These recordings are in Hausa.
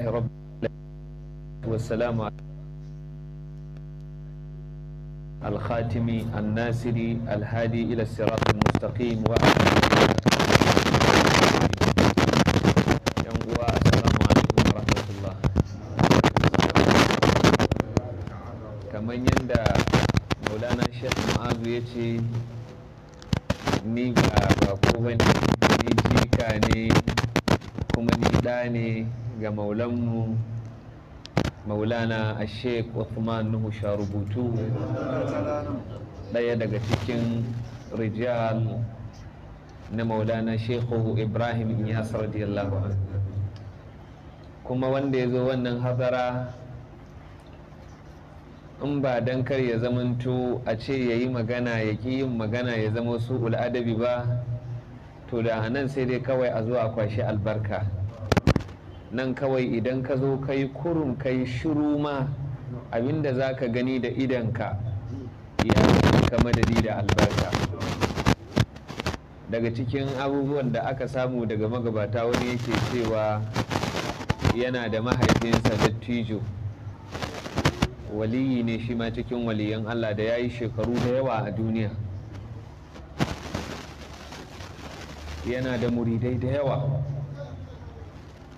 يا رب والسلام الخاتم الناصر الهادي الى الصراط المستقيم و السلام عليكم ورحمه الله كما يندى مولانا الشيخ معاذ يتي نيكا وقوغن نيكا نيكا kuma ni ɗa ne ga maulanmu maulana a sheik Uthman Nuhu Sharubutu ɗaya daga cikin rijal na maulana shekhu Ibrahim Inyas radiyallahu kuma wanda ya zo wannan hazara in ba don kar ya zamanto a ce ya yi magana ya ƙi yin magana ya zama su adabi ba to da nan sai dai kawai a zuwa kwashi albarka nan kawai idan ka zo kurun kurum kai shiru ma abin da za ka gani da idanka ya ka madadi da albarka daga cikin abubuwan da aka samu daga magabata wani yake cewa yana da mahaifinsa dattijo waliyi ne shi ma cikin waliyan allah da ya yi shekaru da yawa a duniya yana da muridai da yawa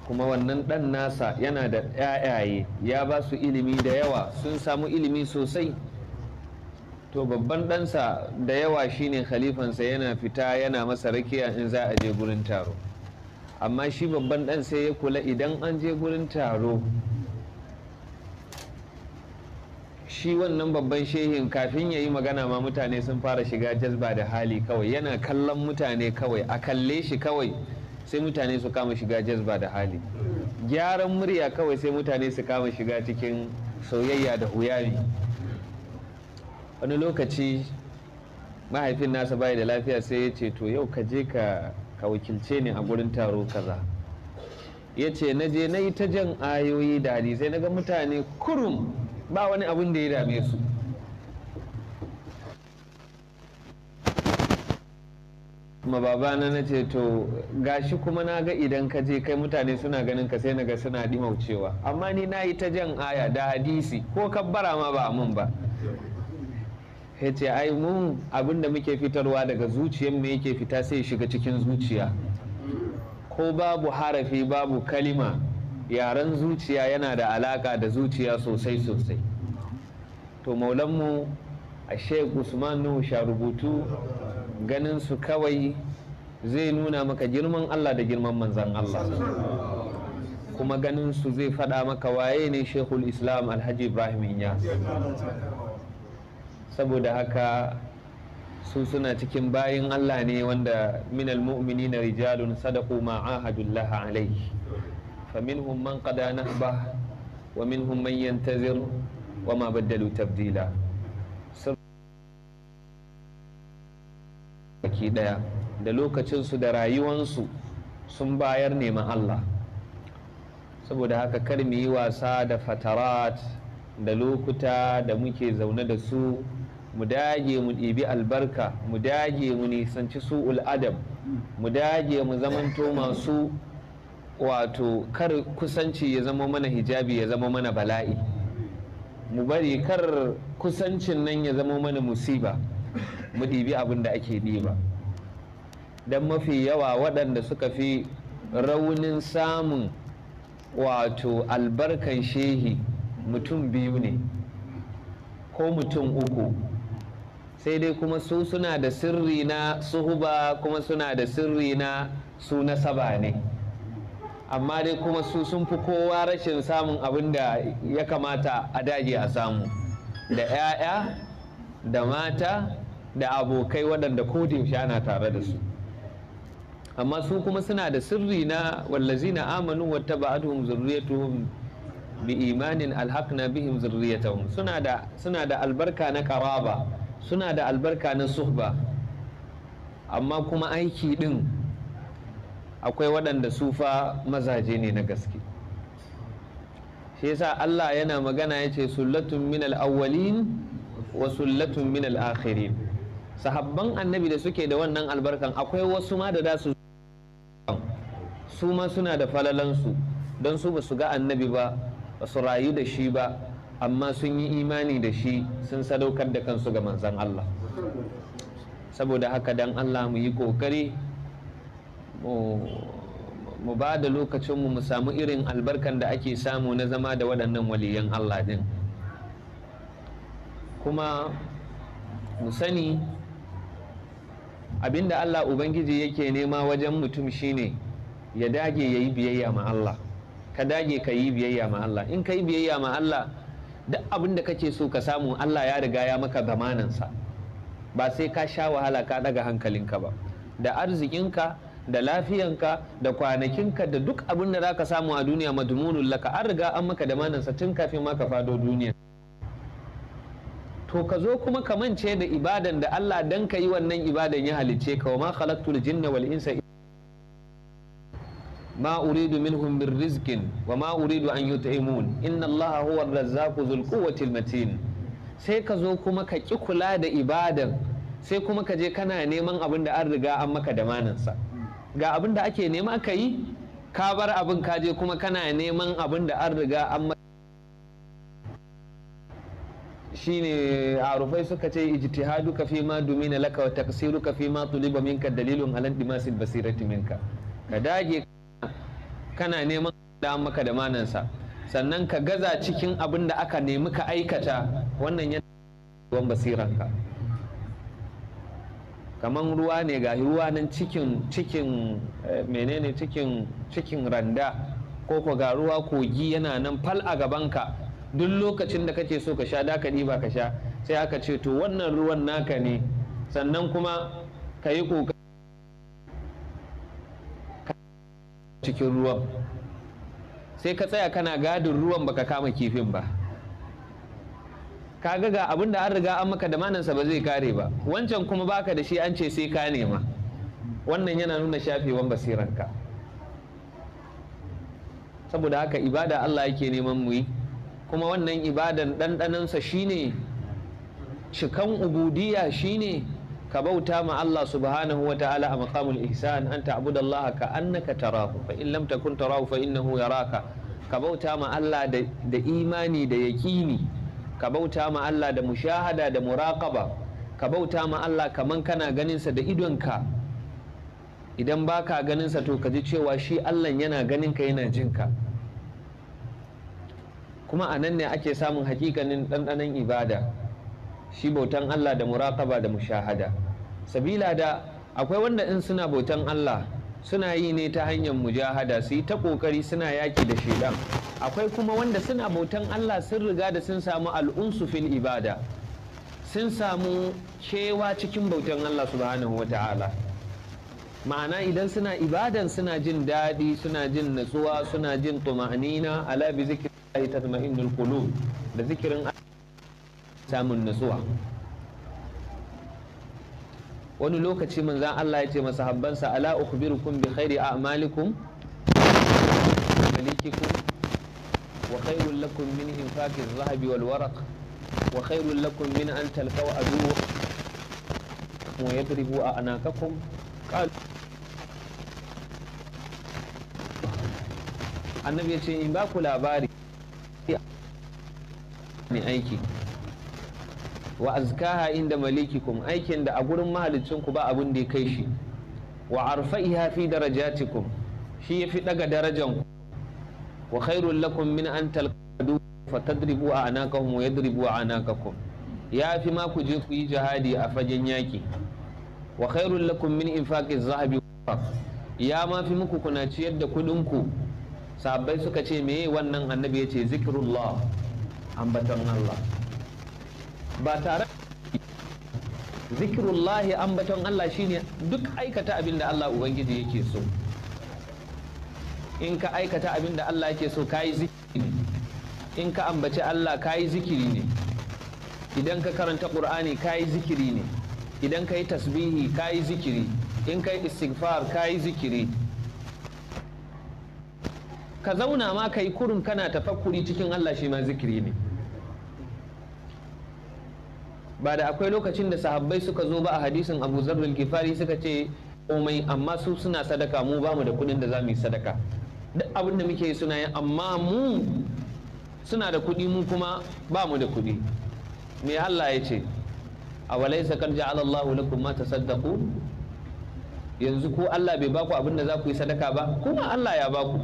kuma wannan dan nasa yana da ‘ya'yaye ya ba su ilimi da yawa sun samu ilimi sosai to babban ɗansa da yawa shine khalifansa yana fita yana masa rakiya in za a je gurin taro amma shi babban ɗan sai ya kula idan an je gurin taro shi wannan babban shehin kafin ya yi magana ma mutane sun fara shiga jazba da hali kawai yana kallon mutane kawai a kalle shi kawai sai mutane su kama shiga jazba da hali gyaran murya kawai sai mutane su kama shiga cikin soyayya da huyari wani lokaci mahaifin nasa bai da lafiya sai ya ce to yau ka je ka wakilce ni a gurin taro kaza ya ce na je na yi ta jan ayoyi da hadisai na ga mutane kurum ba wani abin da ya dame su kuma babana na ce to gashi kuma na ga idan ka je kai mutane suna ganin ka sai na ga suna dimaucewa amma ni na yi ta jan aya da hadisi ko kabbara ma ba mun ba ya ce ai mun abin da muke fitarwa daga zuciyar mu yake fita sai shiga cikin zuciya ko babu harafi babu kalima yaren zuciya yana da alaka da zuciya sosai sosai to maulanmu a sheik usman nuhu rubutu ganin su kawai zai nuna maka girman allah da girman manzan allah kuma ganin su zai faɗa maka waye ne shekul islam alhaji ibrahim inya saboda haka su suna cikin bayin allah ne wanda minal mu'mini na rijalun sadaku ma'ahadullah alaihi فمنهم من قضى نهبه ومنهم من ينتظر وما بدلوا تبديلا baki ɗaya da lokacinsu da rayuwansu sun bayar neman Allah saboda haka kar mu yi wasa da fatarat da lokuta da muke zaune da su mu dage mu ɗibi albarka mu dage mu nisanci su'ul adam mu dage mu zamanto masu wato kar kusanci ya zama mana hijabi ya zama mana bala'i mu bari kar kusancin nan ya zama mana musiba mu ɗibi abin da ake ɗiba don mafi yawa waɗanda suka fi raunin samun wato albarkan shehi mutum biyu ne ko mutum uku sai dai kuma su suna da sirri na suhuba kuma suna da sirri na su nasaba ne amma dai kuma su sun fi kowa rashin samun abin da ya kamata a daji a samu da 'ya'ya da mata da abokai waɗanda ko shana ana tare da su amma su kuma suna da sirri na na amanu wata ba'aduhum zurriyatuhun bi imanin alhaqna bihim zurriyatahum suna da suna da albarka na karaba suna da albarka na suhba amma kuma aiki din akwai waɗanda sufa mazaje ne na gaske shi yasa Allah yana magana ya ce sullatun min al-awwalin wa sullatun min al-akhirin sahabban annabi da suke da wannan albarkan akwai wasu ma da da su su ma suna da falalansu don su ba su ga annabi ba ba su rayu da shi ba amma sun yi imani da shi sun sadaukar da kansu ga manzan Allah saboda haka dan Allah mu yi kokari mu ba da lokacinmu mu samu irin albarkan da ake samu na zama da waɗannan waliyan Allah din kuma mu sani abinda Allah Ubangiji yake nema wajen mutum shine ya dage ya yi biyayya ma Allah ka dage ka yi biyayya ma Allah in ka yi biyayya ma Allah duk abin kake so ka samu Allah ya riga ya maka zamanansa ba sai ka sha wahala ka daga hankalinka ba da arzikinka da lafiyanka da kwanakinka da duk abin da zaka samu a duniya madmunun laka an riga an maka da manansa tun kafin ma ka fado duniya to ka zo kuma ka mance da ibadan da Allah dan ka yi wannan ibadan ya halicce ka wa ma khalaqtul jinna wal insa ma uridu minhum min rizqin wa ma uridu an yut'imun inna Allah huwa ar-razzaqu dhul quwwati matin sai ka zo kuma ka ki kula da ibadan sai kuma ka je kana neman abin da an riga an maka da manansa ga abin da ake nema ka yi ka bar abin ka je kuma kana neman abin da an riga an shi ne a arufai suka ce ijtihadu ka fi ma dumina laka wa taqsiru ka fi ma tuliba minka dalilun ala dimasil basirati minka ka dage kana neman da maka da manansa sannan ka gaza cikin abin da aka nemi ka aikata wannan yana basirarka. basiranka kaman ruwa ne ga ruwa nan cikin cikin eh, menene cikin cikin randa ko ko ga ruwa kogi yana nan fal a gabanka duk lokacin da kake so ka sha da ka ɗiba ka sha sai aka ce to wannan ruwan naka ne sannan kuma ka yi ƙoƙari cikin ruwan sai ka tsaya kana gadin ruwan baka kama kifin ba Ka ga abin da an riga an maka da manansa ba zai kare ba wancan kuma baka da shi an ce sai ka nema wannan yana nuna shafewan basiranka saboda haka ibada Allah yake neman mu yi kuma wannan ibadan ɗanɗanansa shine cikan ubudiya shine ka bauta ma Allah subhanahu wa ta'ala a maqamul ihsan an ka annaka tarahu fa in lam takun tarahu fa innahu yaraka ka bauta ma Allah da imani da yaƙini ka bauta ma Allah da mushahada da muraqaba ka bauta ma Allah kaman kana ganinsa da idonka idan ba ka ganinsa to ka ji cewa shi Allah yana ganinka yana jinka kuma a nan ne ake samun hakikanin ɗanɗanon ibada shi bautan Allah da muraqaba da mushahada sabila da akwai wanda in suna bautan Allah suna yi ne ta hanyar mujahada su yi ta ƙoƙari suna yaki da shaidan akwai kuma wanda suna bautan Allah sun riga da sun samu al'unsu fil ibada sun samu cewa cikin bautan Allah subhanahu wa ta'ala ma'ana idan suna ibadan suna jin daɗi suna jin natsuwa suna jin tuma'anina ala bi zikirin tatma'innul qulub da zikirin samun natsuwa wani lokaci manzan Allah ya ce masahabbansa ala ukhbirukum bi khairi a'malikum malikikum خير لكم من إنفاق الذهب والورق وخير لكم من أن تلقوا عدوكم ويضربوا أعناقكم قال annabi ya ce in ba ku labari ne aiki wa azkaha inda malikikum aikin da a gurin mahalicinku ba abin da ya kai shi wa arfa'iha fi darajatikum shi ya fi daga darajanku wa khairul lakum min an talqadu fatadribu anakahum wa yadribu anakakum ya fi ma ku je ku yi jihadi a fagen yaki wa khairul lakum min infaqi zahabi ya ma fi muku kuna ciyar da kudin ku sabai suka ce meye wannan annabi ya ce zikrullah ambaton Allah ba tare zikrullahi ambaton Allah shine duk aikata abin da Allah ubangiji yake so in ka aikata abin da Allah yake so kayi zikiri ne in ka ambaci Allah kayi zikiri ne idan ka karanta Qur'ani kayi zikiri ne idan ka yi tasbihi kayi zikiri in ka yi istighfar kayi zikiri ka zauna ma ka yi kurum kana tafakkuri cikin Allah shi ma zikiri ne ba da akwai lokacin da sahabbai suka zo ba a hadisin Abu Zarrul Gifari suka ce komai amma su suna sadaka mu bamu da kuɗin da za mu yi sadaka duk abin da muke suna yi amma mu suna da kuɗi mu kuma ba mu da kuɗi me Allah ya ce a walaisa kan ja'ala Allahu kuma ta saddaku? yanzu ko Allah bai baku abin da za ku yi sadaka ba kuma Allah ya baku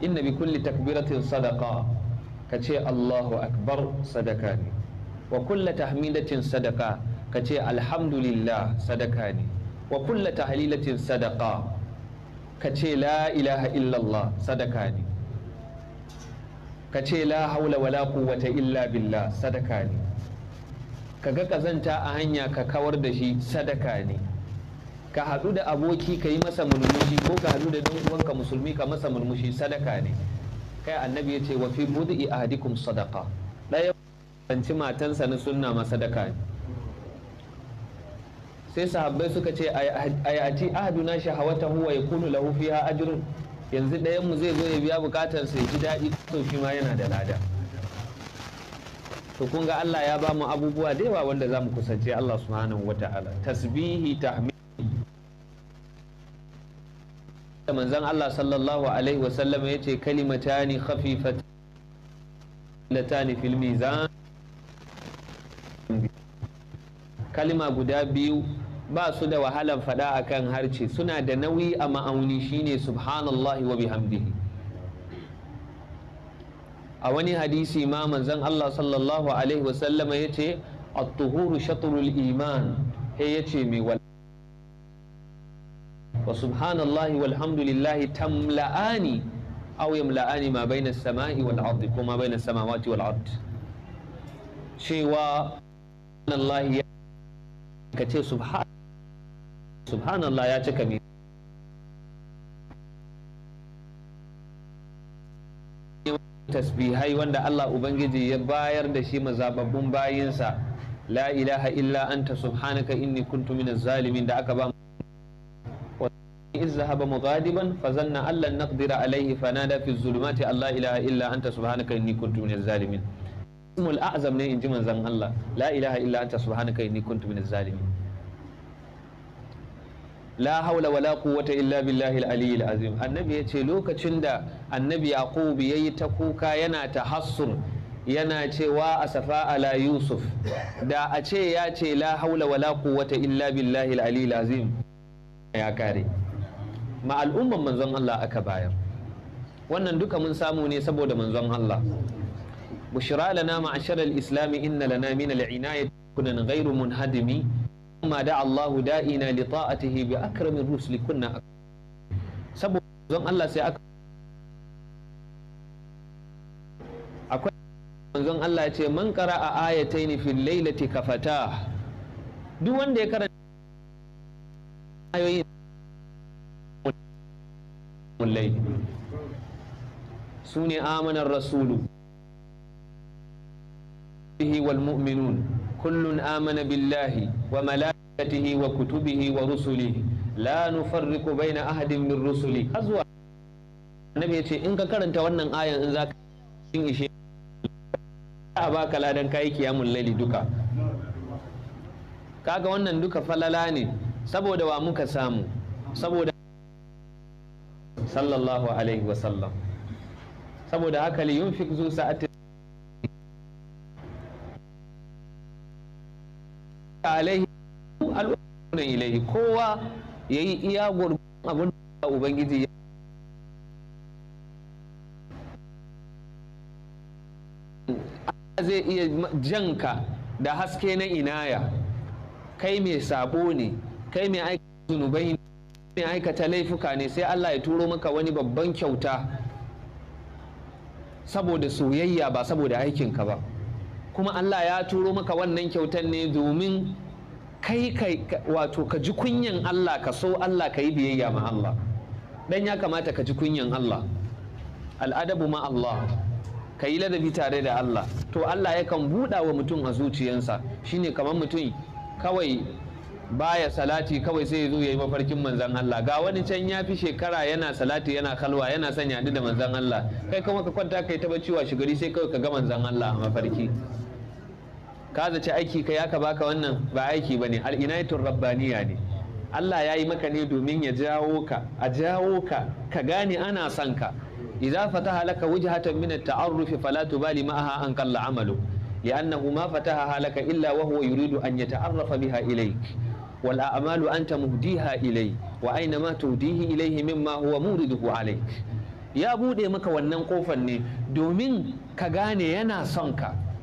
inna bi kulli takbiratin sadaka, ka ce Allahu akbar sadaka ne wa kulla tahmidatin sadaka ka ce alhamdulillah sadaka ne wa kulla tahlilatin sadaka. ka ce la ilaha illallah sadaka ne ka ce la haula wala quwwata illa billah sadaka ne ka ga kazanta a hanya ka kawar da shi sadaka ne ka haɗu da aboki ka yi masa murmushi ko ka haɗu da ɗan uwanka musulmi ka masa murmushi sadaka ne kai annabi ya ce wa fi budu'i ahadikum sadaka ɗaya matansa na sunna ma sadaka ne sai sahabbai suka ce a ayati ahaduna huwa wa kunu lahu fiha ajrun yanzu ɗayan mu zai zo ya biya bukatar sai ji daɗi to shi ma yana da lada to kun ga Allah ya ba mu abubuwa da yawa wanda za mu kusance Allah subhanahu wata'ala tasbihi tahmid da manzon Allah sallallahu alaihi wa sallam yace kalimatani khafifatan latani fil mizan kalima guda biyu ba su da wahalar faɗa akan harce suna da nauyi a ma'auni shine subhanallah wa bihamdihi a wani hadisi ma manzon Allah sallallahu alaihi wasallam ya ce at-tuhuru shatrul iman he ya ce mai wal wa subhanallahi walhamdulillahi tamla'ani aw yamla'ani ma baina as-sama'i wal ardi kuma baina as-samawati wal ard cewa ya ka ce subhan subhanallah ya cika mi tasbihai wanda Allah Ubangiji ya bayar da shi mazababbun bayinsa la ilaha illa anta subhanaka inni kuntu minaz zalimin da aka ba إذ ذهب مغاضبا فظن أن لن نقدر عليه فنادى في الظلمات الله إله إلا أنت سبحانك إني كنت من الظالمين الأعظم ne in ji manzon Allah la ilaha illa anta subhanaka inni kuntu la haula wala quwwata illa billahi al-aliyyil azim annabi yace lokacin da annabi yaqub yayi ta kuka yana tahassur yana cewa asafa ala yusuf da a ce ya ce la haula wala quwwata illa billahi al-aliyyil azim ya kare ma al'umman manzon Allah aka bayar wannan duka mun samu ne saboda manzon Allah bushra lana ma'ashara al-islam inna lana min al-inayati kunan ghairu munhadimi ma da Allahu da'ina li ta'atihi bi akramin a kunna saboda zan Allah sai aka akwai manzon Allah ce man qara'a ayatayn fil lailati kafata duk wanda ya karanta ayoyin mulai sune amanar rasulu bihi wal mu'minun kullun amana billahi wa آياته وكتبه ورسله لا نفرق بين أحد من رسله أزوى النبي يقول إنك كرنت وانا آية إن ذاك إن إشي أباك لا دنكاي قيام الليل دكا kaga wannan duka falala ne saboda wa muka samu saboda sallallahu alaihi wasallam saboda haka yunfik zu sa'atin alaihi ilaihi kowa yi iya gurgun abin da ubangiji ya zai iya janka da haske na inaya kai mai sabo ne kai mai aikata zunubai ne mai aikata laifuka ne sai Allah ya turo maka wani babban kyauta saboda soyayya ba saboda aikinka ba kuma Allah ya turo maka wannan kyautan ne domin kai kai wato ka ji kunyan Allah ka so Allah ka yi biyayya ma Allah dan ya kamata ka ji kunyan Allah al'adabu ma Allah ka yi ladabi tare da Allah to Allah yakan buɗa wa mutum a zuciyansa shine kamar mutum kawai baya salati kawai sai ya zo ya yi mafarkin manzan Allah ga wani can ya fi shekara yana salati yana kalwa yana son ya da manzan Allah kai kuma ka kwanta kai ta bacciwa shigari sai kawai ka ga manzan Allah a mafarki ka zaci aiki ka ya ka baka wannan ba aiki bane al-inayatur rabbaniya ne Allah ya yi maka ne domin ya jawo ka a jawo ka ka gane ana son ka idza fataha laka wajhatan min at-ta'arruf fala tubali ma'aha an qalla amalu li'annahu ma fataha laka illa wa huwa yuridu an yata'arrafa biha ilayk wal a'malu anta muhdiha ilay wa aina ma tuhdihi ilayhi mimma huwa muriduhu alayk ya bude maka wannan kofar ne domin ka gane yana son ka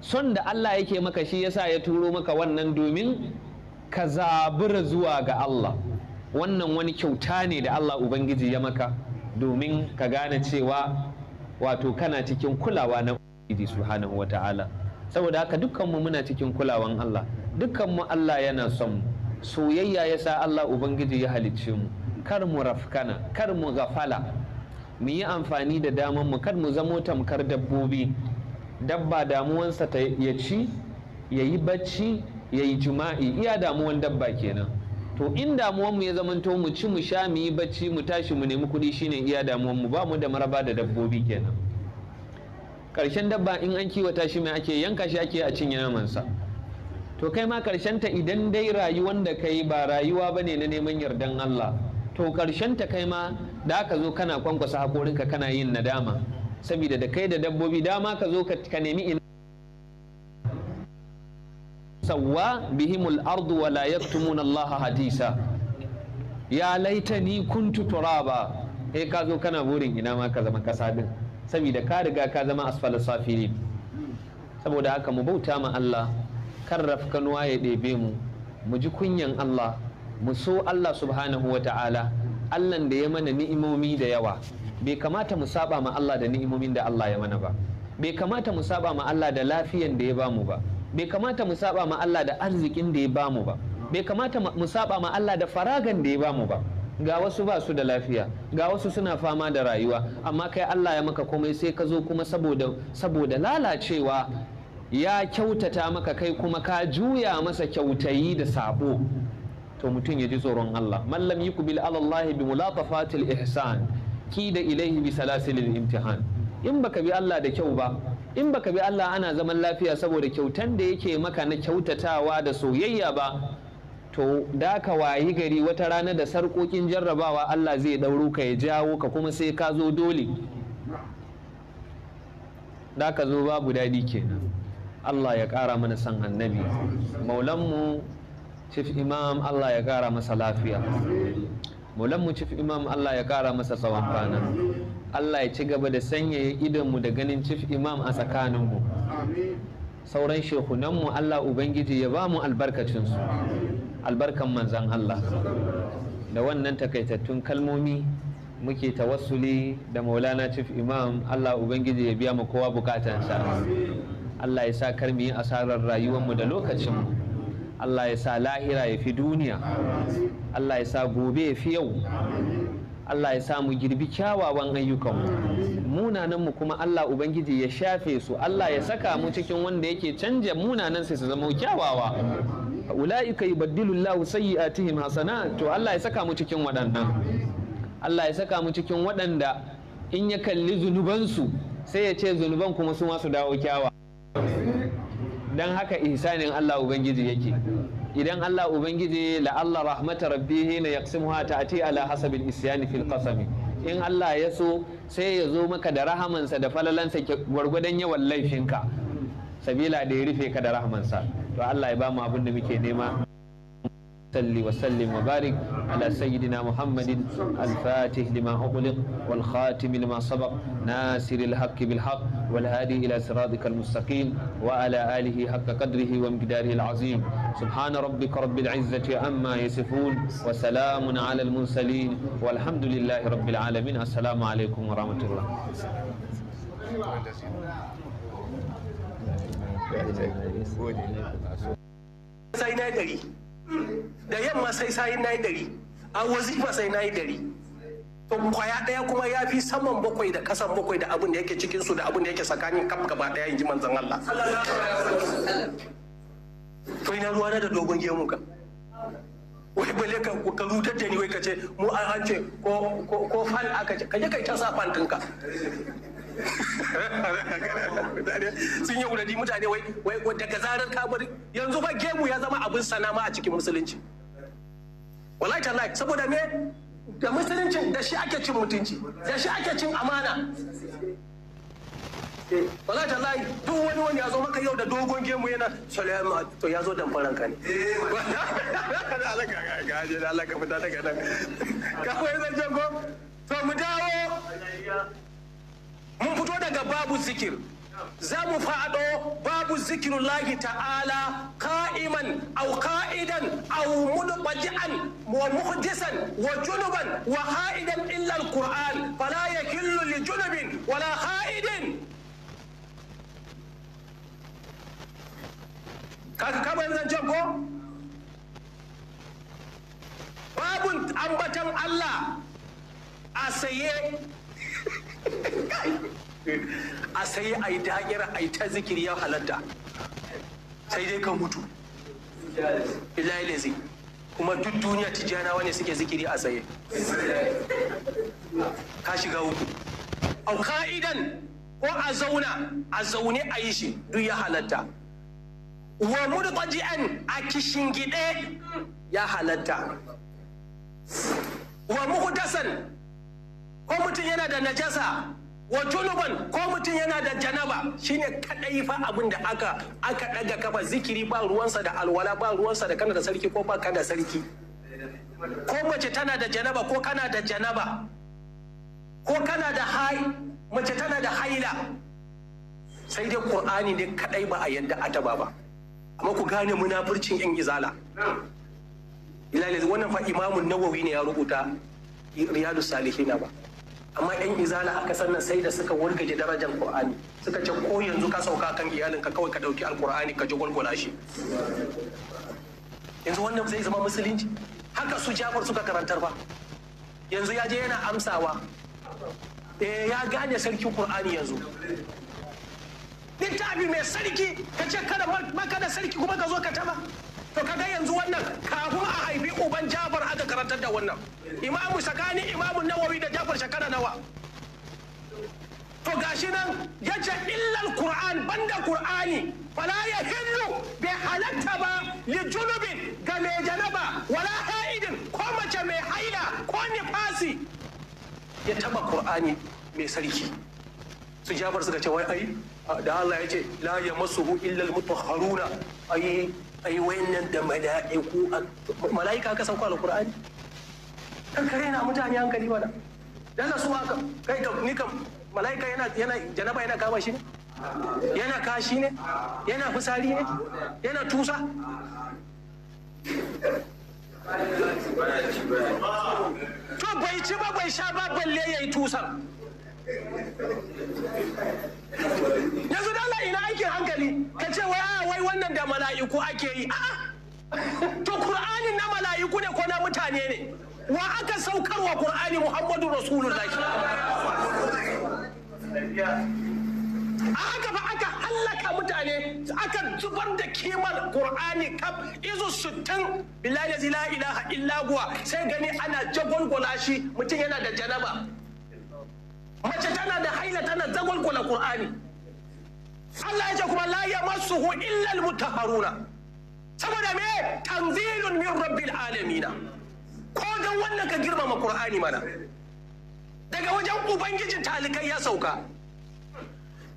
son da Allah yake maka shi yasa ya turo maka wannan domin ka zabura zuwa ga Allah wannan wani kyauta ne da Allah Ubangiji ya maka domin ka gane cewa wato kana cikin kulawa na Ubangiji subhanahu wata'ala saboda haka dukkanmu muna cikin kulawan Allah dukkanmu Allah yana son mu soyayya yasa Allah Ubangiji ya halicce mu kar mu rafkana kar mu gafala mu yi amfani da damanmu kar mu zamo tamkar dabbobi dabba damuwansa ta ya ci ya yi bacci ya yi jima'i iya damuwan dabba kenan to in damuwanmu ya zamanto mu ci mu sha mu yi bacci mu tashi mu nemi kuɗi shine iya damuwanmu ba mu da maraba da dabbobi kenan ƙarshen dabba in an kiwata shi mai ake yanka shi ake a cinye namansa to kai ma ta idan dai rayuwan da kai ba rayuwa ba ne na neman yardan Allah to ta kai ma da aka zo kana kwankwasa haƙorinka kana yin nadama saboda da kai da dabbobi dama ka zo ka nemi ina sawwa bihimul ardu wa la yaktumuna Allah hadisa ya laitani kuntu turaba eh ka zo kana burin ina ma ka zama kasa din saboda ka riga ka zama asfal safiri saboda haka mu bauta ma Allah kan rafkanuwa ya ɗebe mu mu ji kunyan Allah mu so Allah subhanahu wa ta'ala Allahn da ya mana ni'imomi da yawa bai kamata mu saba ma Allah da ni'imomin da Allah ya mana ba bai kamata mu saba ma Allah da lafiyan da ya bamu ba bai kamata mu saba ma Allah da arzikin da ya bamu ba bai kamata mu saba ma Allah da faragan da ya bamu ba ga wasu ba su da lafiya ga wasu suna fama da rayuwa amma kai Allah ya maka komai sai ka zo kuma saboda saboda lalacewa ya kyautata maka kai kuma ka juya masa kyautayi da sabo to mutum ya ji tsoron Allah mallam yi kubil alallahi bi mulatafatil ihsan Ki da ilaihi bi salasilil imtihan in baka bi Allah da kyau ba in baka bi Allah ana zaman lafiya saboda kyautan da yake maka na kyautatawa da soyayya ba to da ka wayi gari wata rana da sarkokin jarrabawa Allah zai ɗauro ka ya jawo ka kuma sai ka zo dole da ka zo babu daɗi kenan Allah ya ƙara mana san annabi maulanmu chief imam Allah ya kara masa lafiya mulan mu cif imam Allah ya kara masa tsawon kwana Allah ya ci gaba da sanyaya idonmu da ganin cif imam a tsakanin mu sauran shehunanmu Allah Ubangiji ya ba mu su albarkan manzan Allah da wannan takaitattun kalmomi muke tawassuli da maulana cif imam Allah Ubangiji ya biya mu kowa bukatansa Allah ya sa kar mu yi asarar rayuwarmu da lokacinmu Allah ya sa lahira ya fi duniya Allah ya sa gobe ya fi yau Allah ya sa mu girbi kyawawan ayyukanmu munanan mu kuma Allah ubangiji ya shafe su Allah ya saka mu cikin wanda yake canja munanan sai su zama kyawawa ula'ika yubaddilu Allahu sayyi'atihim hasanat to Allah ya saka mu cikin waɗannan Allah ya saka mu cikin waɗanda in ya kalli zunubansu sai ya ce zunuban kuma su ma su dawo kyawa dan haka ihsanin Allah ubangiji yake idan Allah ubangiji la Allah rahmata rabbihi na yaqsimuha ta'ati ala hasabil isyani fil qasami in Allah ya so sai ya zo maka da rahamansa da falalansa gwargwadon yawan laifinka sabila da ya rufe ka da rahamansa to Allah ya ba mu abin da muke nema صل وسلم وبارك على سيدنا محمد الفاتح لما أغلق والخاتم لما سبق ناصر الحق بالحق والهادي إلى صراطك المستقيم وعلى آله حق قدره ومقداره العظيم سبحان ربك رب العزة عما يصفون وسلام على المرسلين والحمد لله رب العالمين السلام عليكم ورحمة الله sai na ɗari da yamma sai sai na yi dari a wazifa sai na yi dari to kwaya daya kuma ya fi saman bakwai da kasan bakwai da abin da yake cikin su da abin da yake tsakanin kaf gaba daya ji manzon Allah to ina ruwa na da dogon gemu ka wai bale ka ka rutar da ni wai ka ce mu an ce ko ko fan aka ce ka je kai ta sa fan ɗinka sun yi uladi mutane wai daga zarar kabari yanzu ba gemu ya zama abin sanama a cikin musulunci wallahi tallahi saboda me da musulunci da shi ake cin mutunci da shi ake cin amana wallahi tallahi duk wani wani ya zo maka yau da dogon gemu yana salama to ya zo dan ka ne eh, Allah ka fita daga nan ka koyi zan ko to mu dawo mun fito daga babu zikir za mu faɗo babu zikirullahi ta'ala ka'iman au ka'idan au mulbaji'an wa muhdisan wa junuban wa ha'idan illa alquran fala yakillu li junubin wala ha'idin kaka kama yanzu zan ko babun ambatan Allah a saye a sai a yi da'ira a yi ta zikiri ya halatta sai dai ka mutu ilayi kuma duk duniya tijjana wani suke zikiri a tsaye ka shiga uku a ka'idan ko a zauna a zaune a yi shi duk ya halatta wa mudqaji'an a kishin gide ya halatta wa muhdasan ko mutum yana da najasa wa junuban ko mutum yana da janaba shine kadai fa abin da aka aka daga kafa zikiri ba ruwansa da alwala ba ruwansa da kana da sarki ko ba kana da sarki ko mace tana da janaba ko kana da janaba ko kana da hai mace tana da haila sai dai qur'ani ne kadai ba a yadda ataba ba amma ku gane munafurcin yan izala ilal wannan fa imamun nawawi ne ya rubuta riyadu salihina ba amma yan izala a kasar nan sai da suka wargaje darajar qur'ani suka ce ko yanzu ka sauka kan iyalin kawai ka ɗauki alqur'ani ka gwalgwala shi yanzu wannan zai zama musulunci haka su jafar suka karantar ba yanzu ya je yana amsawa eh ya gane sarki qur'ani yanzu littafi mai sarki ka ce kada maka da sarki kuma ka zo ka taba to kaga yanzu wannan kafin a haifi uban jafar aka karantar da wannan imamu sakani imamu nawawi da jafar shekara nawa to gashi nan yace illar illal qur'an banda qur'ani fala ya hillu bai halatta ba li junubin ga mai janaba wala ha'idin ko mace mai haida ko fasi. ya taba qur'ani mai sarki su jafar suka ce wai ai da Allah ya ce la yamassuhu illal mutahharuna ai ai wayannan da mala'iku mala'ika ka sauko alqur'ani kan kare na mutane hankali mana dala su haka kai ka ni kam mala'ika yana yana janaba yana kama shi ne yana kashi ne yana fusari ne yana tusa to bai ci ba bai sha ba balle yayi tusar. yanzu dala ina aikin hankali ka ce wai ah, wai wannan da mala'iku ake yi a'a to qur'anin na mala'iku ne ko na mutane ne wa aka saukar wa qur'ani muhammadu rasulullahi a haka fa aka hallaka mutane aka zubar da kimar qur'ani kaf izu sittin billahi la ilaha illa huwa sai gani ana jagwalgwala shi mutum yana da janaba mace tana da haila tana zagwalgwala ƙur'ani Allah ya ce kuma la ya masu hu illal mutaharuna saboda me tanzilun min rabbil alamina. ko dan wannan ka girmama ƙur'ani mana daga wajen ubangijin talikai ya sauka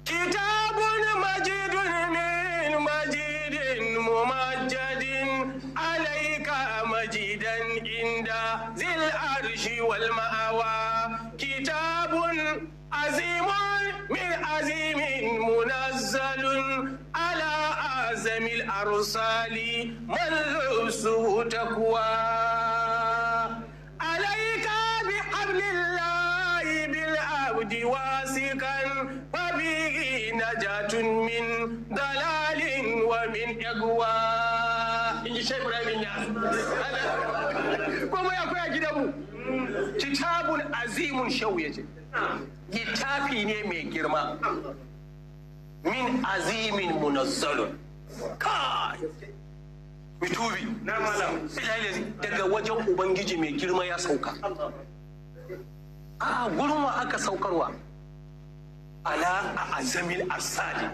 kitabun majidun min majidin mumajjadin alaika majidan inda zil arshi wal ma'awa kitabun azimun min azimin munazzalun ala azamil arsali manzusu takwa alaika bi hablillahi bil abdi wasikan wa bihi najatun min dalalin wa min igwa in kitabun azimun shau ya ce littafi ne mai girma min azimin munazzalun kai mitubi daga wajen ubangiji mai girma ya sauka a gurin wa aka saukarwa ala a azamin asali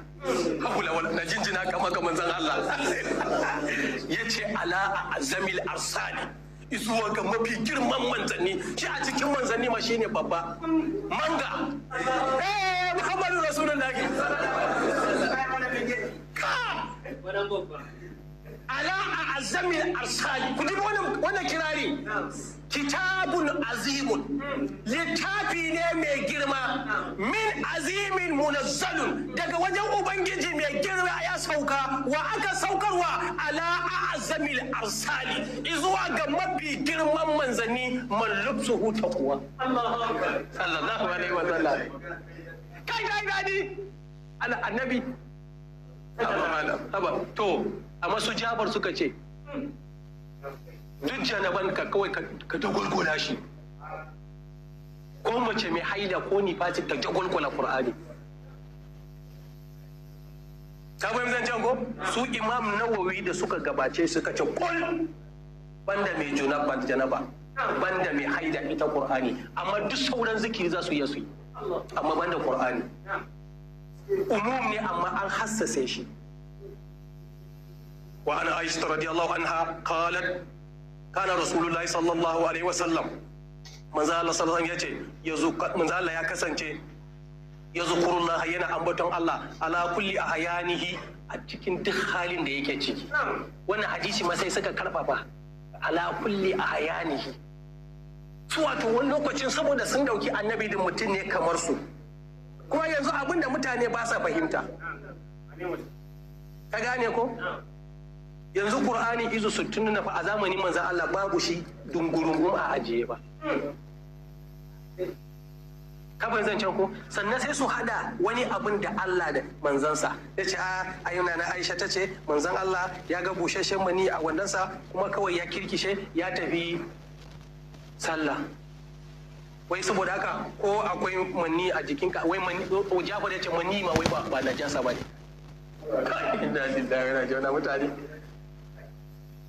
haula wala na jinjina kama kaman zan Allah ya ce ala a azamin asali zuwa ga mafi girman manzanni shi a cikin manzanni ma shine babba manga eh muhammadu rasulullahi ka ala a azamin arsali ku dubi wannan kirari kitabun azimun littafi ne mai girma min azimin munazzalun daga wajen ubangiji mai girma ya sauka wa aka saukarwa ala azamin arsali izuwa ga mafi girman manzanni mallubsuhu taqwa sallallahu alaihi wa sallam kai kai dadi annabi to amma su jabar suka ce duk janaban ka kawai ka dagulgula shi ko mace mai haida ko ni nifasi ta dagulgula qur'ani ka fahimtar zan jango su imam nawawi da suka gabace suka ce kul banda mai juna ban janaba banda mai haida ita qur'ani amma duk sauran zikiri za su yi su amma banda qur'ani umum ne amma an hassase shi وعن عائشة رضي الله عنها قالت كان رسول الله صلى الله sallallahu alaihi wasallam yace manzo Allah ya kasance yazkurullah yana ambaton Allah ala kulli ahyanihi a cikin duk halin da yake ciki wannan hadisi ma sai suka karfafa ala a ahyanihi su wato wani lokacin saboda sun ɗauki annabi da mutum ne kamar su kuma yanzu abin da mutane ba sa fahimta ka gane ko yanzu qur'ani izu sittin na fa a zamanin manzon Allah babu shi dungurungum a ajiye ba kafin zancen ko sannan sai su hada wani abin da Allah da manzansa ya ce a ah, ayyuna na Aisha ta ce manzan Allah ya ga busasshen mani a wandonsa kuma kawai ya kirkishe ya tafi sallah wai saboda haka ko akwai mani a jikinka wai mani Jafar ya ce mani ma wai ba najasa ba ne. mutane.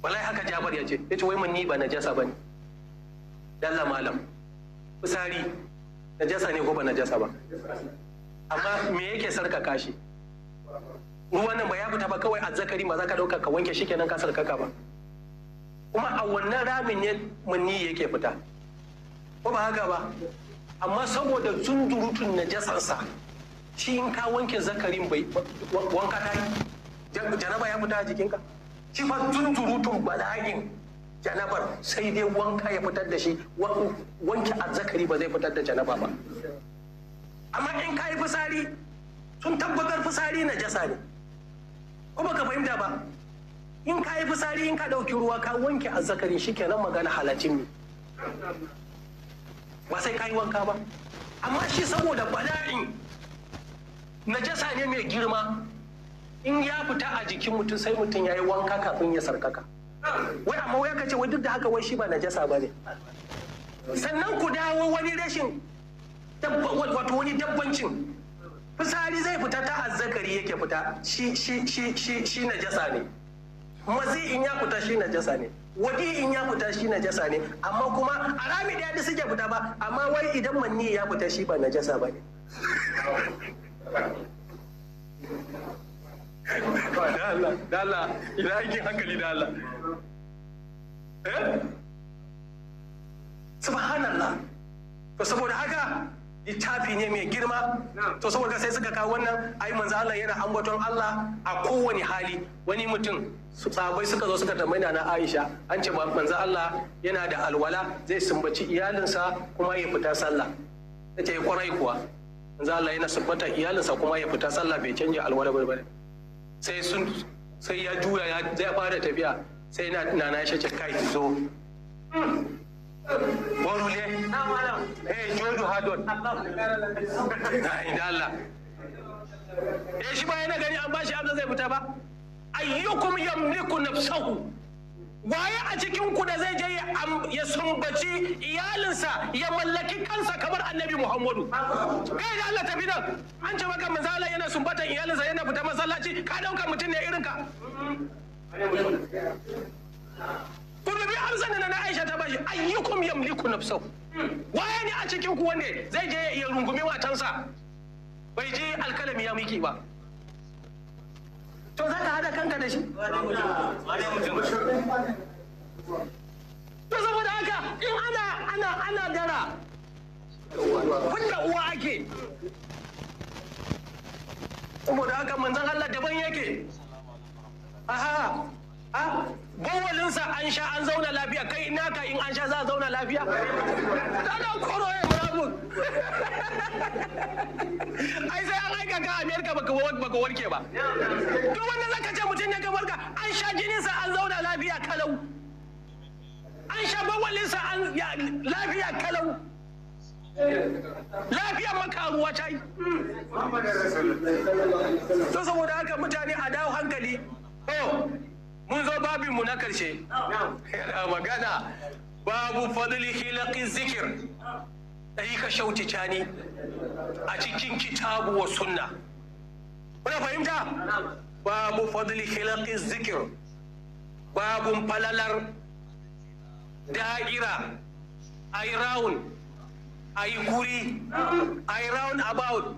wallahi haka jabar ya ce ce wai mun ni ba najasa bane dalla malam fusari najasa ne ko ba najasa ba amma me yake sarka kashi ruwan nan ba ya fita ba kawai a zakari ma zaka dauka ka wanke shi kenan ka sarkaka ba kuma a wannan ramin ne munni yake fita ko ba haka ba amma saboda zundurutun najasarsa shi in ka wanke zakarin bai wanka ta yi janaba ya fita a jikinka shi fa tunturutun bala'in janabar sai dai wanka ya fitar da shi wanki azzakari ba zai fitar da janaba ba amma in ka yi fitsari sun tabbatar fisari na jasa ne ko baka fahimta ba in ka yi fitsari in ka ɗauki ruwa ka wanke azzakari shi kenan magana halacin ne ba sai ka yi wanka ba amma shi saboda bala'in Na jasa ne mai girma in ya fita a jikin mutum sai mutum ya yi wanka kafin ya sarkaka wai amma wai kace wai duk da haka wai shi ba najasa ba ne sannan ku dawo wani rashin wato wani dabbancin fitsari zai fita ta azzakari yake fita shi shi shi shi shi najasa ne mazi in ya fita shi najasa ne wadi in ya fita shi najasa ne amma kuma a rami daya da suke fita ba amma wai idan manni ya fita shi ba najasa ba ne da Allah da Allah ina aikin hankali da Allah eh subhanallah to saboda haka littafi ne mai girma to saboda sai suka kawo wannan ai manzo Allah yana ambaton Allah a kowane hali wani mutum sabai suka zo suka tambayi na Aisha an ce manzo Allah yana da alwala zai sumbaci iyalinsa kuma ya fita sallah tace eh, kwarai kuwa manzo Allah yana sumbata iyalinsa kuma ya fita sallah bai canja alwala ba sai sun sai ya juya ya zai fara tafiya sai na na na shace kai zo borule eh jodu hadon Na inda Allah eh shi ba yana gani an bashi abin zai fita ba ayyukum yamliku nafsahu waye a cikinku da zai je ya sumbaci iyalinsa ya mallaki kansa kamar annabi muhammadu kai da Allah tafi nan an ce maka manzala yana sumbatan iyalinsa yana fita masallaci ka dauka mutum ne irin ka Kurbi amsan da na Aisha ta bashi ayyukum yamliku nafsahu waye ne a cikinku ku wanda zai je ya rungumi matansa bai je alkalami ya miki ba to za ka hada kanka da shi to saboda haka in ana ana ana dara uwa ake saboda haka Allah daban yake aha Gowalinsa an sha an zauna lafiya kai ina ka in an sha za a zauna lafiya? Ana koro ya murabun. Ai sai an aika ka Amerika baka baka warke ba. Duk wanda zaka ce mutum ya gabarka an sha jininsa an zauna lafiya kalau. An sha gowalinsa an lafiya kalau. lafiyar makaruwa ta yi to saboda haka mutane a dawo hankali mun zo babin mu na karshe yana magana babu fadli hilaqi zikir dai ka shauti cani a cikin kitabu wa sunna kuna fahimta babu fadli hilaqi zikir babun falalar da'ira ay a yi guri a yi round about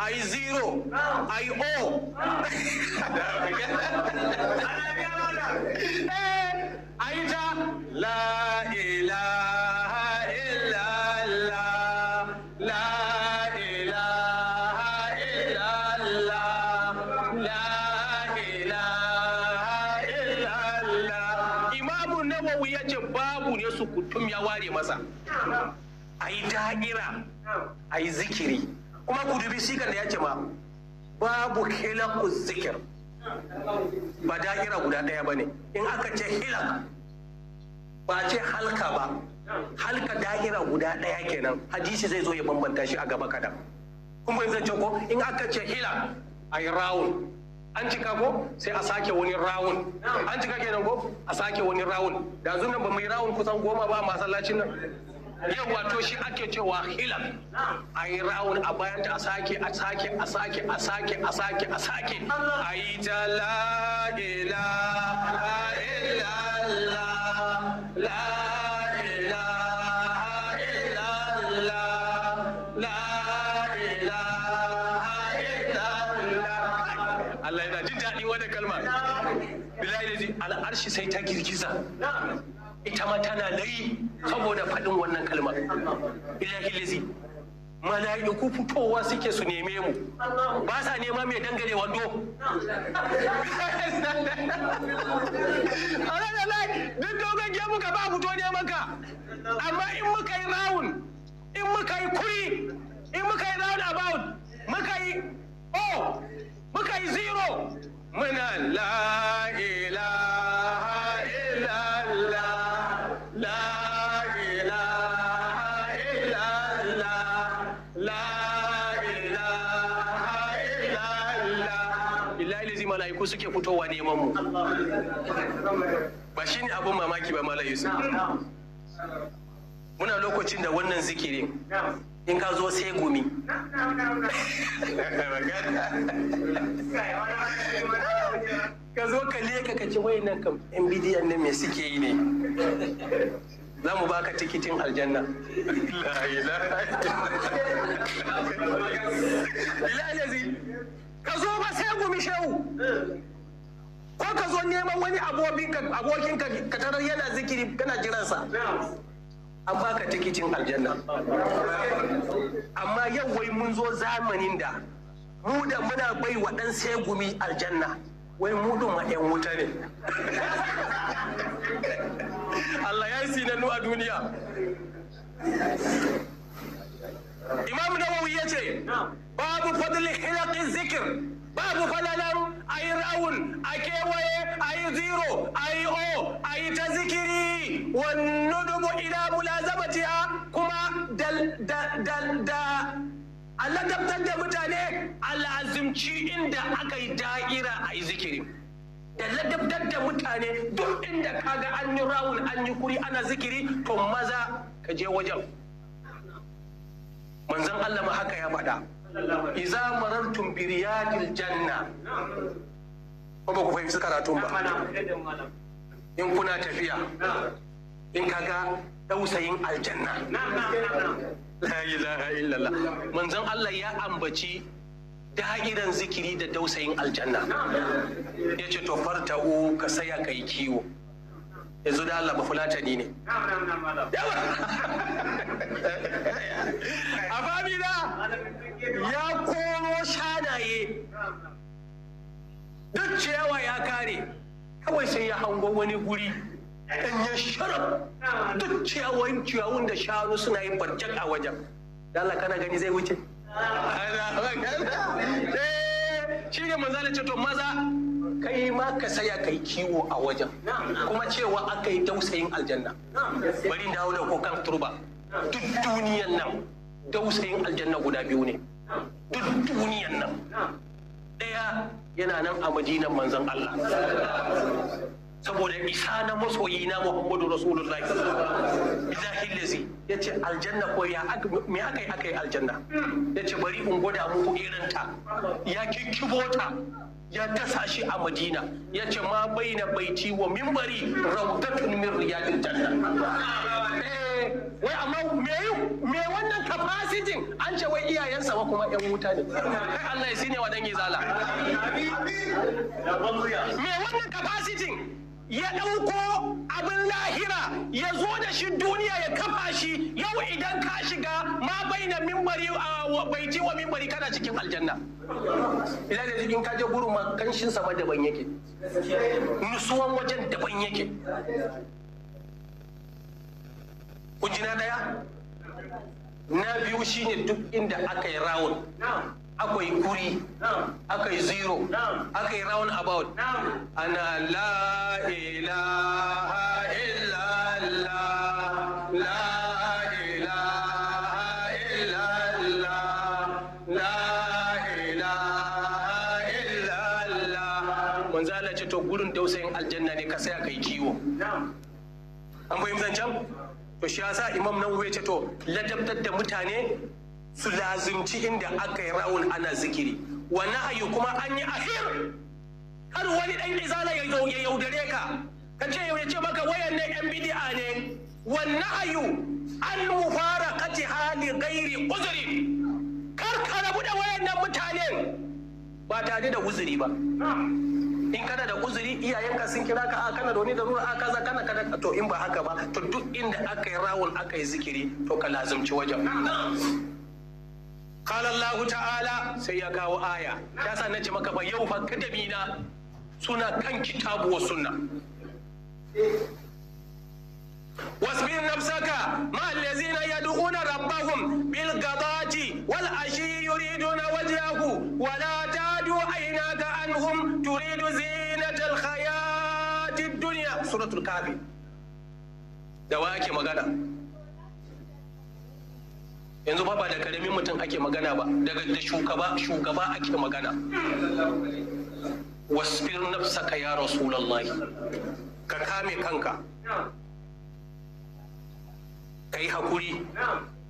a yi zero a yi o a yi ta la ilaha la ilaha la ilaha illallah imamu nawawi ya ce babu ne su kutum ya ware masa a yi da'ira a yi zikiri kuma ku dubi sigar da ya ce ma babu hilaku zikir ba da'ira guda ɗaya ba ne in aka ce hilak ba ce halka ba halka da'ira guda ɗaya kenan hadisi zai zo ya bambanta shi a gaba kada kuma in zance ko in aka ce hilak a yi rawun an cika ko sai a sake wani rawun an cika kenan ko a sake wani rawun da zunan ba mai rawun kusan goma ba masallacin nan yau wato shi ake cewa hilal a yi ra'un a bayan ta a sake a sake a sake a sake a sake a sake a yi ta la ilaha illallah la ilaha illallah la ilaha illallah Allah yana jin daɗi wannan kalma bilahi al'arshi sai ta girgiza ita ma tana layi saboda faɗin wannan kalmar ilahi lazi mala'iku fitowa suke su neme mu ba sa nema mai dangane wando duk dogon gemu ka ba fito neman ka amma in muka yi rawun in muka yi kuri in muka yi round about muka yi o muka yi zero muna la ilaha illallah mala'iku suke fitowa neman mu ba shi ne abin mamaki ba mala'isu muna lokacin da wannan zikirin in ka zo sai gumi ka zo ka leka ka ci wai nan kam bidiyan nan me suke yi ne za mu baka tikitin aljanna ilalazi ka zo ba sai gumi shehu ko ka zo neman wani abokinka ka tarar yana zikiri kana jiransa an baka tikitin aljanna amma yau wai mun zo zamanin da mu da muna bai wa ɗan sai gumi aljanna wai mu ɗin ma ɗan wuta ne Allah ya yi nu a duniya imam nawawi ya ce babu fadli hilaqi zikir babu falalan firawun a kewaye a yi zero a yi o a yi ta zikiri wannan dubu ila mulazamatiya kuma da allatabtar da mutane al'azimci inda aka yi da'ira a yi zikiri da ladabtar da mutane duk inda kaga an yi anyi an yi kuri ana zikiri to maza ka je wajen manzon Allah ma haka ya faɗa iza marartum biriyadil janna ko ba ku fahimci karatun ba in kuna tafiya in kaga dausayin aljanna la ilaha illallah manzon Allah ya ambaci da'iran zikiri da dausayin aljanna ya ce to farta'u ka saya kai kiwo yanzu da Allah bafulatani ne a babina ya koro shanaye duk ciyawa ya kare kawai sai ya hango wani guri ya sharaf duk ciyawan ciyawun da shanu suna yin barcak a wajen Allah kana gani zai wuce eh, shi ne maza na to maza kai ma ka saya kai kiwo a wajen kuma cewa aka yi dausayin aljanna bari dawo da kokan turba duk duniyan nan dausayin aljanna guda biyu ne duk duniyan nan ɗaya yana nan a madinan manzon Allah saboda isa na masoyi na Muhammadu Rasulullahi bizahi lazi yace aljanna ko ya me aka yi aka yi aljanna yace bari in gwada muku irin ta ya kikkibo ta ya tasa shi a Madina yace ma baina baiti wa mimbari rautatun min janna wai amma me wannan capacity an ce wai iyayensa ba kuma yan wuta ne kai Allah ya sine wa dangi zala me wannan kafasitin ya ɗauko abin lahira ya zo da shi duniya ya kafa shi yau idan ka shiga ma baina mimbari a baiti wa mimbari kana cikin aljanna idan da cikin kaje guruma kanshin sama daban yake nusuwan wajen daban yake kuji na daya na biyu shine duk inda aka yi rawun akwai kuri yi zero yi rawun about ana la ilaha la to gurin dausayin aljanna ne ka sai kai kiwo an fahimta can to shi yasa imam nawawi ce to ladabtar da mutane su lazimci inda aka yi rawun ana zikiri wa ayu kuma an yi ahir kar wani dan izala ya yaudare ka ka ce ya ce maka wayan ne yan bid'a ne wa ayu an mufaraqati hali ghairi uzri kar ka rabu da wayan nan mutanen ba tare da uzuri ba in kana da uzuri iyayenka sun kira ka a kana da wani darura a kaza kana kada to in ba haka ba to duk inda aka yi rawul aka yi zikiri to ka lazumci wajen qala Allah ta'ala sai ya kawo aya ya sa ce maka ba yau fa kadami na suna kan kitabu wa sunna واصبر نفسك مع الذين يدعون ربهم بالغضاة والعشي يريدون وجهه ولا تعد عيناك عنهم تريد زينة الحياة الدنيا سورة الكافر da wa ake magana yanzu ba ba da karamin mutum ake magana ba daga da shugaba shugaba ake magana wasfir nafsaka ya rasulullahi ka kame kanka ka yi hakuri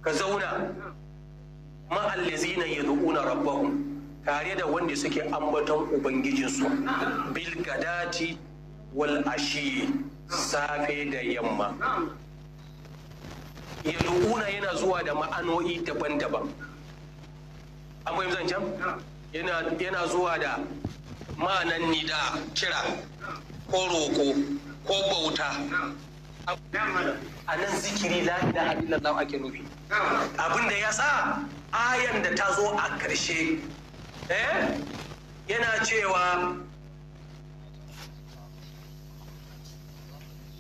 ka zauna ma'allazina yad'una rabbahu tare da wanda suke ambaton ubangijinsu bil gadati wal ashiyi safe da yamma yad'una yana zuwa da ma'anoi daban-daban an zancen yana zuwa da ma'anan nida kira ko roko ko bauta a nan zikiri la ilaha illallah ake nufi abin da ya sa ayan da ta zo a ƙarshe yana cewa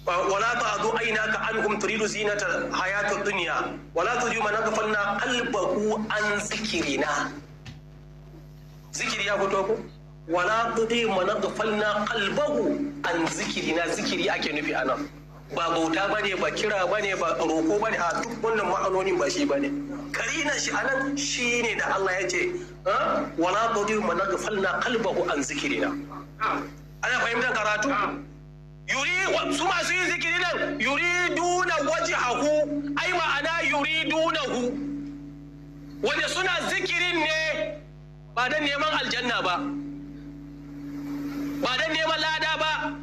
ولا تعد عيناك عنهم تريد زينة الحياة الدنيا ولا na. من أغفلنا قلبه عن ذكرنا ذكر يا فتوكو ولا تطيع من أغفلنا قلبه عن ذكرنا ذكري أكي نفي أنا ba bauta ba ne ba kira ba ne ba roƙo ba ne a duk wannan ma'anonin ba shi ba ne karina shi nan shi ne da Allah ya ce wala badiyu man kalba qalbahu an na. ana fahimtar karatu yuri su masu yin zikiri nan waje haku, ai ma'ana yuri, hu. wanda suna zikirin ne ba don neman aljanna ba ba don neman lada ba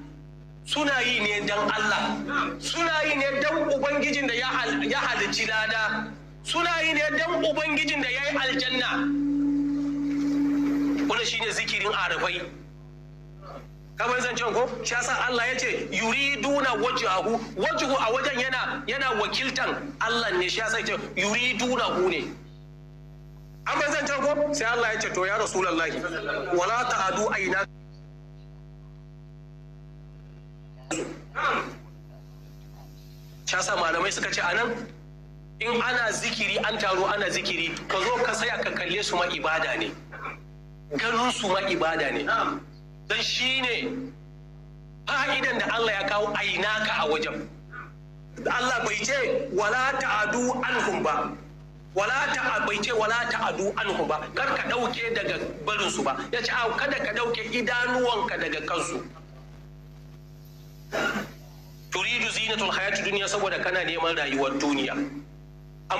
suna yi ne don Allah suna yi ne don ubangijin da ya halici lada suna yi ne don ubangijin da ya yi aljanna wanda ne zikirin arafai kamar zancen ko shi yasa Allah ya ce yuri, yuriduna wajhahu wajhu a wajen yana yana wakiltan Allah ne shi yasa ya ce duna hu ne amma zancen ko sai Allah ya ce to ya lallahi. wala ta'adu aina Sha sa malamai suka ce anan in ana zikiri an taro ana zikiri ka zo ka saya ka kalle su ma ibada ne. Ganin su ma ibada ne. Don shi ne fa'idan da Allah ya kawo aina ka a wajen. Allah bai ce wala ta'adu anhum ba wala ta'a bai ce wala ta'adu anhu ba kar ka dauke daga barinsu ba yace a kada ka dauke idanuwanka daga kansu turidu zinatul hayati duniya saboda kana neman rayuwar duniya an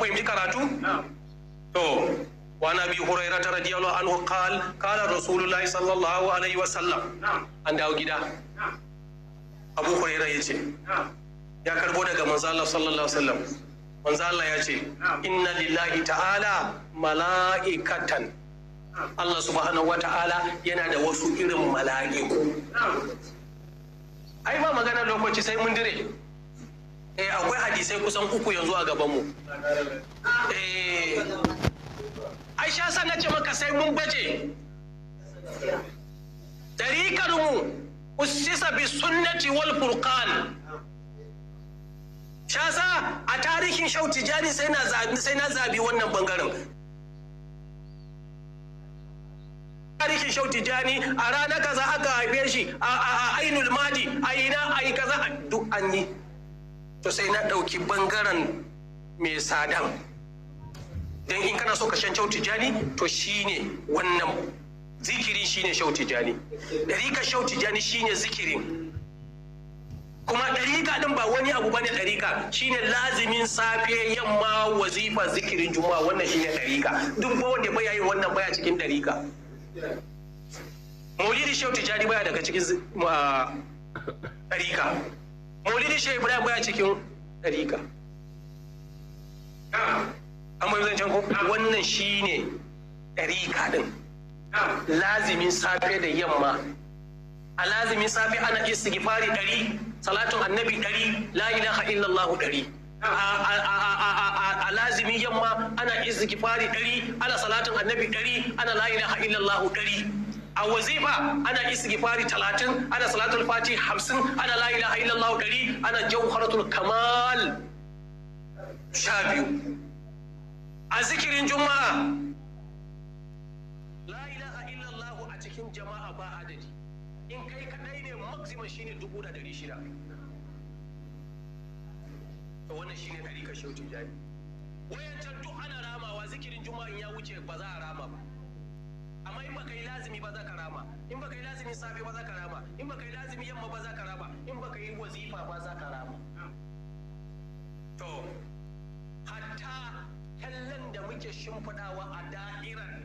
fahimci karatu to wa ابي هريره رضي الله عنه قال قال رسول الله صلى الله عليه وسلم an dawo gida abu huraira ya ce ya karbo daga manzo Allah sallallahu alaihi wasallam manzo Allah ya ce inna lillahi ta'ala mala'ikatan Allah subhanahu wa ta'ala yana da wasu irin mala'iku ai ba magana lokaci sai mun dire eh akwai hadisai kusan uku yanzu a gaban mu eh aisha san nace maka sai mun baje tariqar mu ussisa bi sunnati wal furqan shasa a tarihin shau tijani sai na zabi sai na zabi wannan bangaren tarihin shau tijani a ranar kaza aka haife shi a ainul madi a ina a yi kaza duk an yi to sai na ɗauki bangaren mai sadan don in kana so ka shan shau tijani to shine wannan Zikirin shine shau tijani ɗarika shau tijani shine zikirin kuma ɗarika ɗin ba wani abu bane ɗarika shine lazimin safe yamma wazifa zikirin juma'a wannan shine ɗarika duk wanda baya yin wannan baya cikin ɗarika maulidi shehu tijjani baya daga cikin ɗarika maulidi shehu ibrahim baya cikin ɗarika an bai zan ko wannan shi ne ɗarika ɗin lazimin safe da yamma a lazimin safe ana istighfari ɗari salatun annabi ɗari la ilaha lallahu ɗari a lazimi yamma ana istighfari dari, ana salatin annabi dari, ana la ilaha illallah dari. a wazifa ana istighfari talatin ana salatul fati hamsin ana la ilaha illallah dari, ana jawharatul kamal sha biyu a zikirin juma'a la ilaha illallah a cikin jama'a ba adadi in kai kadai ne maximum shine dubu da dari shida to wannan shine ɗarika shehu tijjani wayancan duk ana ramawa zikirin juma'in ya wuce ba za a rama ba amma in baka yi lazimi ba za ka rama in baka yi lazimi safe ba za ka rama in baka yi lazimi yamma ba za ka rama in baka yi wazifa ba za ka rama to hatta kallon da muke shimfiɗawa a da'irar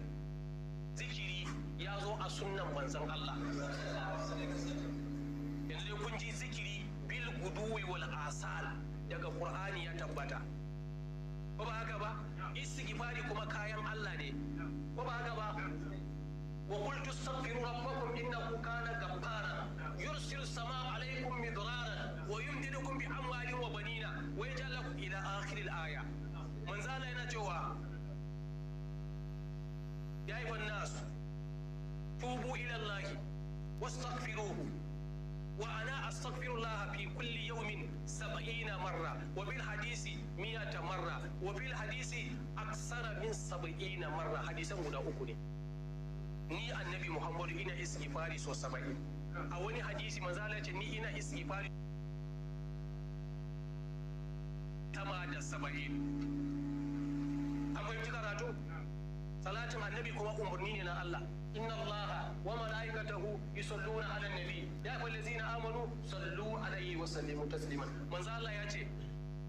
zikiri ya zo a sunnan manzon Allah yanzu kun ji zikiri bil guduwi wal asal daga qur'ani ya tabbata ko ba haka ba istighfari kuma kayan Allah ne ko ba haka ba wa qultu astaghfiru rabbakum innahu kana ghaffara yursilu samaa alaykum midrara wa yumdidukum bi amwalin wa banina wa yaj'al lakum ila akhir al-aya manzala yana cewa ya ayyuhan nas tubu ila allahi wastaghfiruhu وأنا أستغفر الله في كل يوم سبعين مرة وفي مئة مرة وفي أكثر من سبعين مرة حديثا هنا أكوني ni annabi muhammadu ina istighfari so saba'in a wani hadisi manzala ce ni ina istighfari tama da saba'in an fahimci karatu salatin annabi kuma umarni na Allah إن الله وملائكته يصلون على النبي يا أيها الذين آمنوا صلوا عليه وسلموا تسليما من زال الله يأتي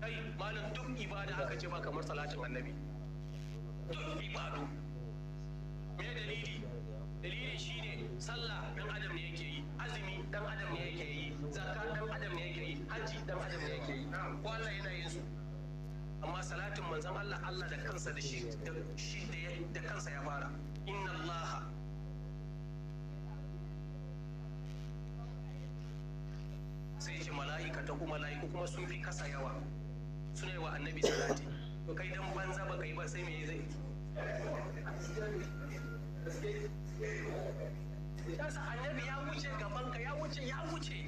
أي ما لم تك إبادة النبي shine sallah dan adam ne yake yi azumi dan adam ne yake yi zakka dan adam ne yake yi dan adam ne yake yi ko Allah yana yin su amma salatin manzon Allah Allah da kansa da shi da kansa ya fara inna sai ce mala'ika ta mala'iku kuma sun fi kasa yawa suna yi wa annabi salati to kai dan banza ba kai ba sai me zai Yasa annabi ya wuce gaban ka ya wuce ya wuce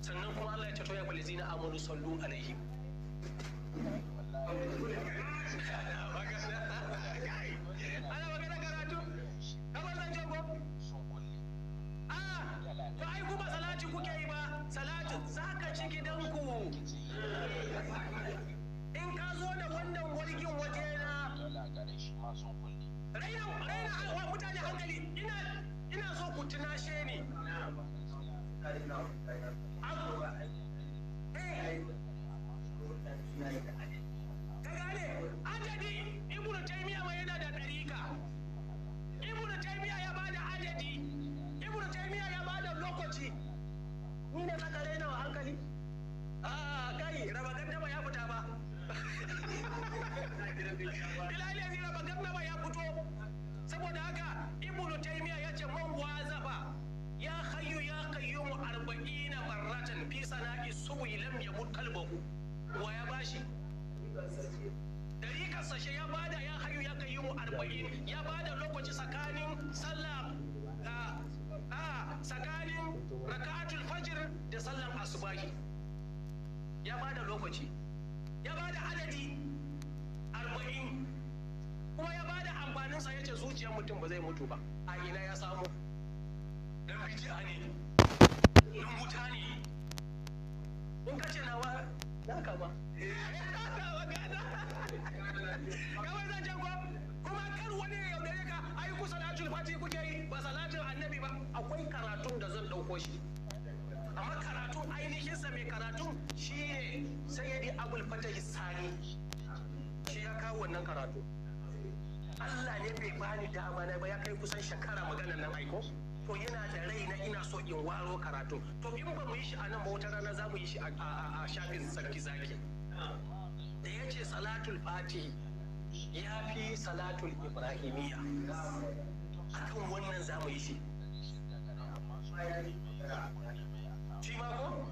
sannan kuma Allah ya ce to ya kulli zina amanu sallu alaihi to ai ku ba salati kuke yi ba salatin zaka ci gidanku in ka zo da wannan walgin waje na raina raina mutane hankali ina ina so ku tunashe ni ka gane adadi ibnu taymiya ma yana da dariƙa ibnu taymiya ya bada adadi ibnu taymiya ya bada lokaci ni ne zaka raina hankali ah. lokaci ya ba da adadi arba'in kuma ya ba da amfaninsa ya ce zuciyar mutum ba zai mutu ba a ina ya samu dan bijiya ne dan wuta ne kun kace nawa naka ba abdulfatah sani shi ya kawo wannan karatu Allah ne bai bani dama na ba ya kai kusan shekara magana nan aiko to yana da rai na ina so in waro karatu to in ba mu yi shi a nan ba wata rana za mu yi shi a shafin sarki zaki da ya ce salatul fatihi ya fi salatul ibrahimiya akan wannan za mu yi shi shi ma ko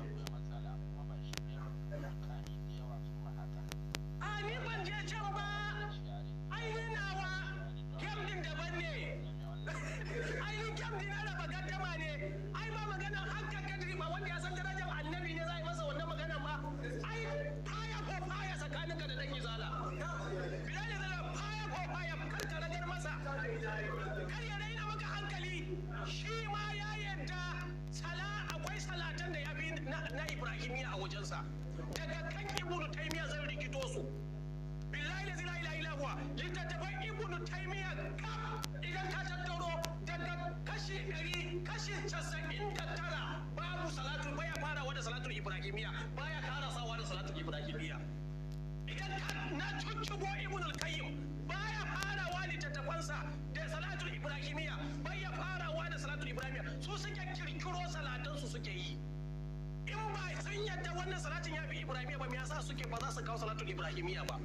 kimiyya baya sawa da salatul ibra kimiyya idan ka na cuccubo ibn al-qayyim baya farawa littattafansa da salatul ibrahimiyya baya farawa da Salatu ibrahimiyya su suke kirkiro salatansu suke yi in ba sun yadda wannan salatin ya fi ibrahimiyya ba me yasa suke ba za su kawo salatul ibrahimiyya ba